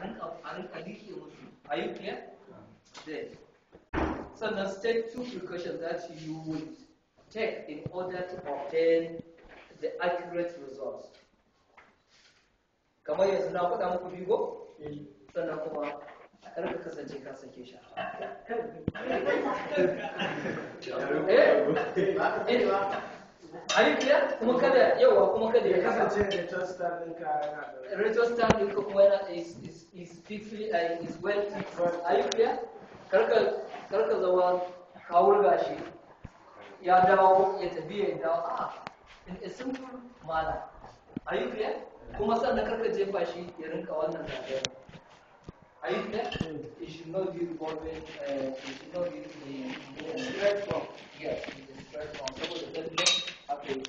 Anant emotion are you clear yeah. there so now state two precautions that you would take in order to obtain the accurate results kamar yanzu na faɗa muku bigo sannan kuma kar ka kasance ka sake shi eh an clear kuma kada yawa kuma kada ya kasance register ɗinka yana da register kuma yana is fitly uh, is well fixed are you karka karka zawa ka wurga shi ya dawo ya tafi ya dawo a in a simple manner are you kuma sannan karka jefa shi ya rinka wannan zagayen are you it should not be involving it should not be the, the stress yes saboda update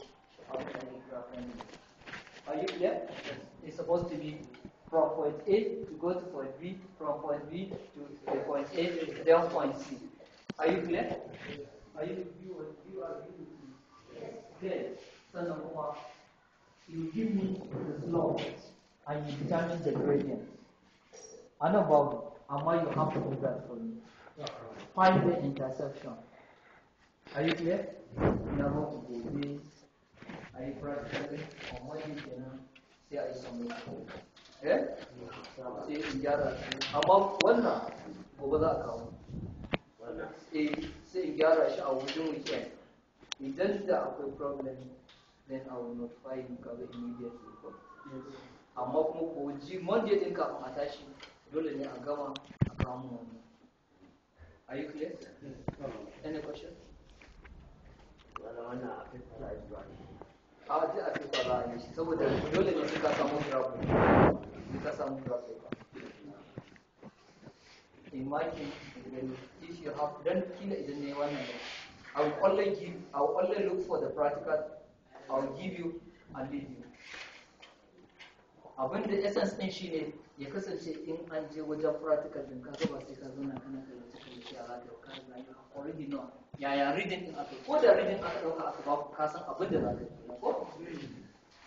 organic uh, Are you clear? It's supposed to be from point A to go to point B, from point B to the point A, then point C. Are you clear? Are you you, you are you yes. clear? So number one, you give me the slope and you determine the gradient. know about how you have to do that for me. Find the intersection. Are you clear? Na ba ku gobe a yi practice on wajen kenan sai a yi samun Eh? Sai in gyara shi. Amma wannan gobe za a kawo. Wannan? sai in gyara shi a wajen weekend. Idan da akwai problem then I will notify you kaga immediately ko. Amma kuma ko ji Monday din kafin a tashi dole ne a gama a kawo mu wannan. Are you clear? Any questions? a wace a fesa ba ne saboda dole ne suka samu grafu suka samu grafu imaki idan kishi haf dan kila idan ne wannan I will only give I will only look for the practical I will give you and leave you abin essence din shine ya kasance in an je wajen practical din ka ba sai ka zauna kana kallon already know reading ko da reading aka dauka aka ba ka san abin da yi ko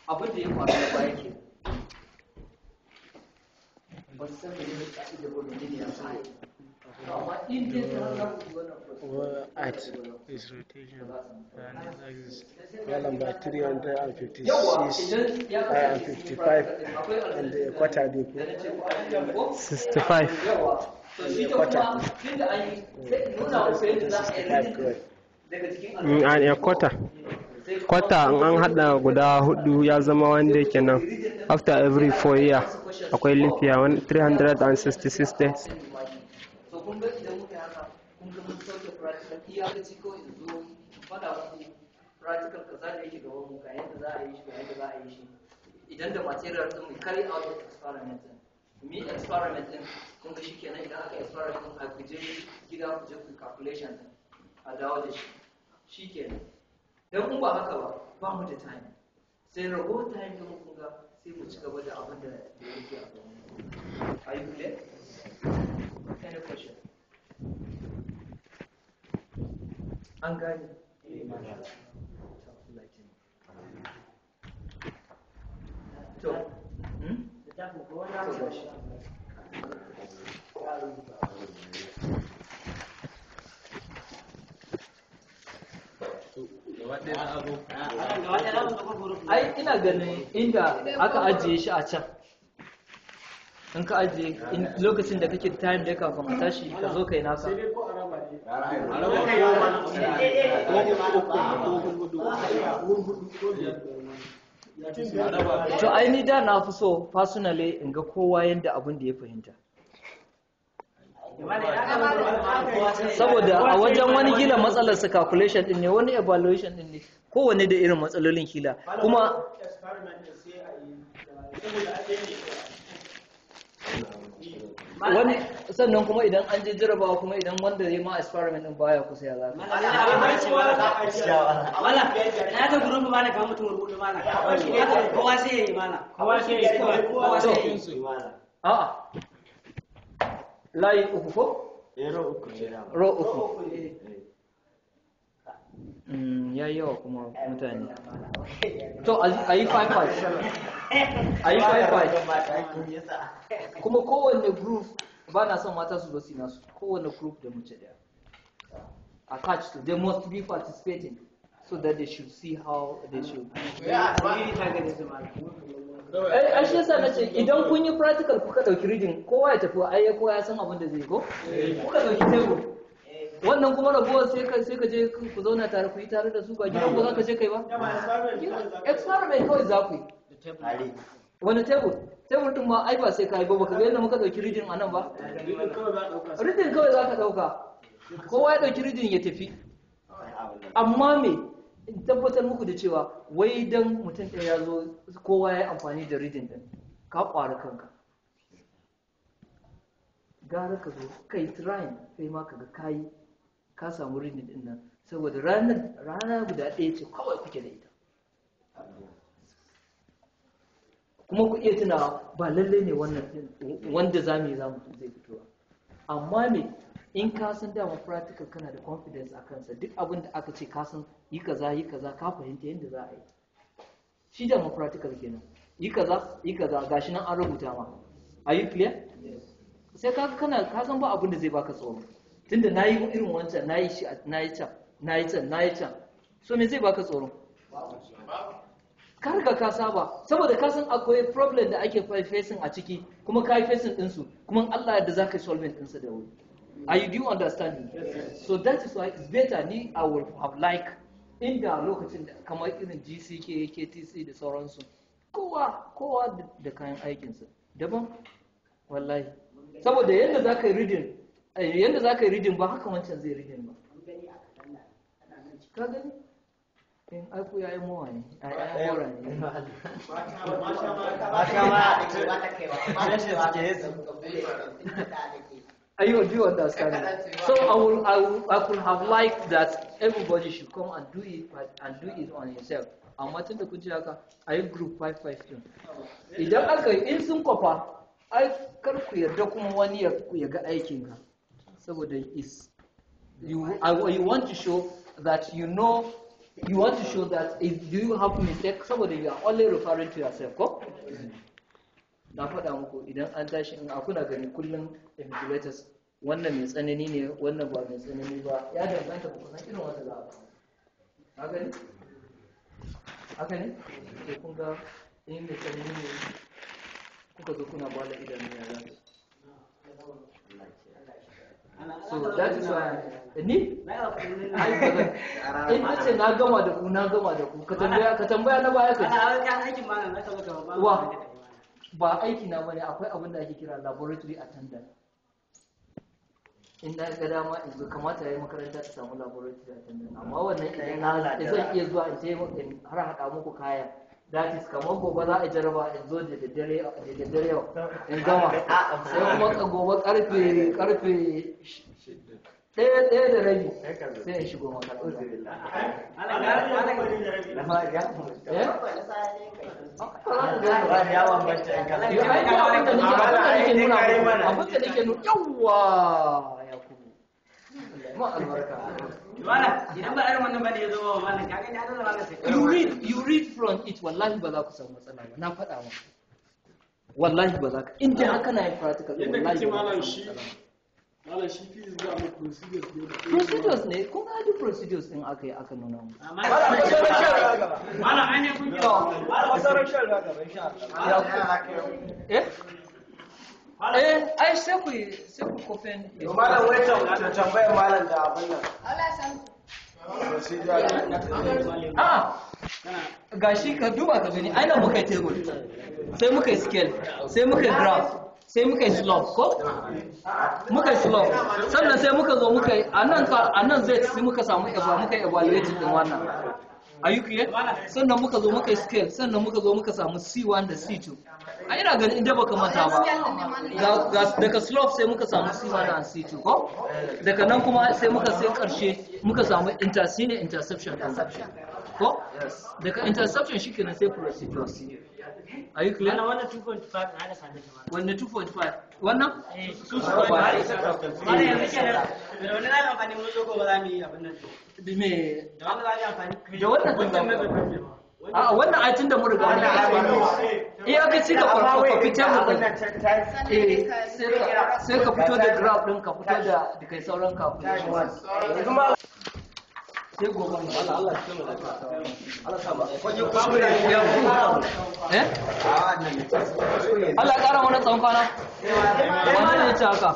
abin da ya faru ne ya at is rotation and axis well number 356 uh, and 55 and quarter 65 kwata mm, a kwata kwata in an hada guda hudu ya zama wanda kenan after every four year akwai lithium 366 days mi experiment din kun ga shikenan idan aka experiment din a guje gida ku je ku calculation din a dawo da shi shikenan dan kun ba haka ba ba mu da time sai rabo oh, time din kun ga sai mu ci gaba da abin da yake a gaba are you clear any question an Thank you. ai ina ganin inda aka ajiye shi a can in ka ajiye lokacin da kake time da kafin a tashi ka zo kai nasa to ai ni da na fi so personally in ga kowa yadda abin da ya fahimta saboda a wajen wani gila matsalar su calculation din ne wani evaluation din ne kowane da irin matsalolin kila kuma wani sannan kuma idan an je jarabawa kuma idan wanda ya ma experiment din baya kusa ya zaka wala ce wala wala na ta group mana kamar mutum rubutu mana kowa sai yayi mana kowa sai yayi kowa sai yayi mana a'a layi uku ko ro uku ro uku Mm, yayi yawa kuma mutane to a yi 5-5 a yi 5-5 kuma kowane group ba na son mata su zosi nasu kowane group da mace daya attached to they must be participating so that they should see how they should a shi yasa ce idan kun yi practical kuka dauki reading kowa ya tafi ai kowa ya san abin da zai go kuka dauki table wannan kuma ragowar sai ka sai ka je ku zauna tare ku yi tare da su ba gidan ku za ka je kai ba experiment kawai za ku yi wani table table din ma ai ba sai ka yi ba baka ga yadda muka dauki a nan ba Rijin kawai za ka dauka kowa ya dauki rijin ya tafi amma me in tabbatar muku da cewa wai dan mutum ɗaya ya zo kowa ya yi amfani da rijin din ka kwari kanka gara ka zo kai trying sai ma ka ga kayi ka samu rini din nan saboda rana guda ɗaya ce kawai kuke da ita kuma ku iya tuna ba lallai ne wannan wanda za mu yi za mu zai fito amma ne in ka san dama practical kana da confidence a kansa duk abin da aka ce ka san yi kaza yi kaza ka fahimta yadda za a yi shi dama practical kenan yi kaza yi kaza gashi nan an rubuta ma are you clear sai ka kana ka san ba abin da zai baka tsoro tunda na yi irin wancan na yi can na yi can na yi can so me zai baka tsoro karka ka saba saboda ka san akwai problem da ake facing a ciki kuma ka yi facing ɗinsu kuma Allah yadda za ka solve ɗinsu da wuri are you do so that is why it's better ni I would have like inda lokacin da kamar irin GCK KTC da sauransu kowa kowa da kayan aikinsa daban wallahi saboda yadda za ka yi reading yadda za ka yi ridin ba haka wancan zai ridin ba ka gani in aiku ya yi mowa ne a yi mora ne Are you, do you understand? me? So I would I will, I could have liked that everybody should come and do it, but, and do it on himself. Amma tun da kun ji haka, a yi group 5-5 din. Idan aka in sun kwafa, ai kar ku yarda kuma wani ya ga aikin ka. saboda is you I, you want to show that you know you want to show that if do you have mistake saboda you are only referring to yourself ko na faɗa muku idan an tashi in akuna gani kullum emulators wannan mai tsanani ne wannan ba mai tsanani ba ya danganta ba kusan irin wanda za a ba gani haka ne to kun ga in mai tsanani ne kuka zo kuna bala idan ya zai so that is why ni in eh, ce na gama da ku na gama da ku ka tambaya ka tambaya na baya ka ji wa ba aiki na bane akwai abin da ake kira laboratory attendant in na ga dama in zo kamata yayi makaranta ta samu laboratory attendant amma wannan idan na zan iya zuwa in je har haɗa muku kaya that is kamar gobe za a jaraba in zo da daddare yau in gama sai kuma gobe karfe karfe ɗaya ɗaya da rabi sai in shigo maka eh? abin da nake yawa ya idan ba irin wannan bane you read you read from it wallahi ba za ku samu matsala ba na faɗa maka wallahi ba za ka in dai haka na matsala Mala shi procedures ne. Procedures ne, kun procedures din aka yi aka nuna mu. Eh? ai sai ku sai ku kofin. Mala wai tambaya malam da abin nan. a ah, gashi ka duba ka gani aina muka yi table sai muka yi scale sai muka yi graph sai muka yi slope ko muka yi slope sannan sai muka zo muka yi a nan zai sai muka samu muka yi evaluating din wannan are you sannan muka zo muka scale sannan muka zo muka samu c1 da c2 a ina ganin inda baka manta ba daga slope sai muka samu c1 da c2 ko daga nan kuma sai muka sai karshe muka samu interception interception ko daga interception shikenan sai procedure are you clear wannan 2.5 wannan 2.5 wannan 2.5 wannan da wannan amfani mun zo gobe za mu yi abin nan da wannan za mu amfani da wannan a wannan tun da mu riga wannan ai iya eh, ka farko eh, ka sai ka fito da graph din ka fito da kai sauran calculation Allah ƙara wani tsawon kwana wannan ne ci haka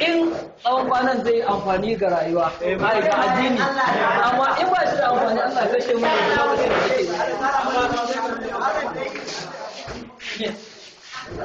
in tsawon kwanan zai amfani ga rayuwa ai ga addini amma in ba shi da amfani Allah ya kashe mai da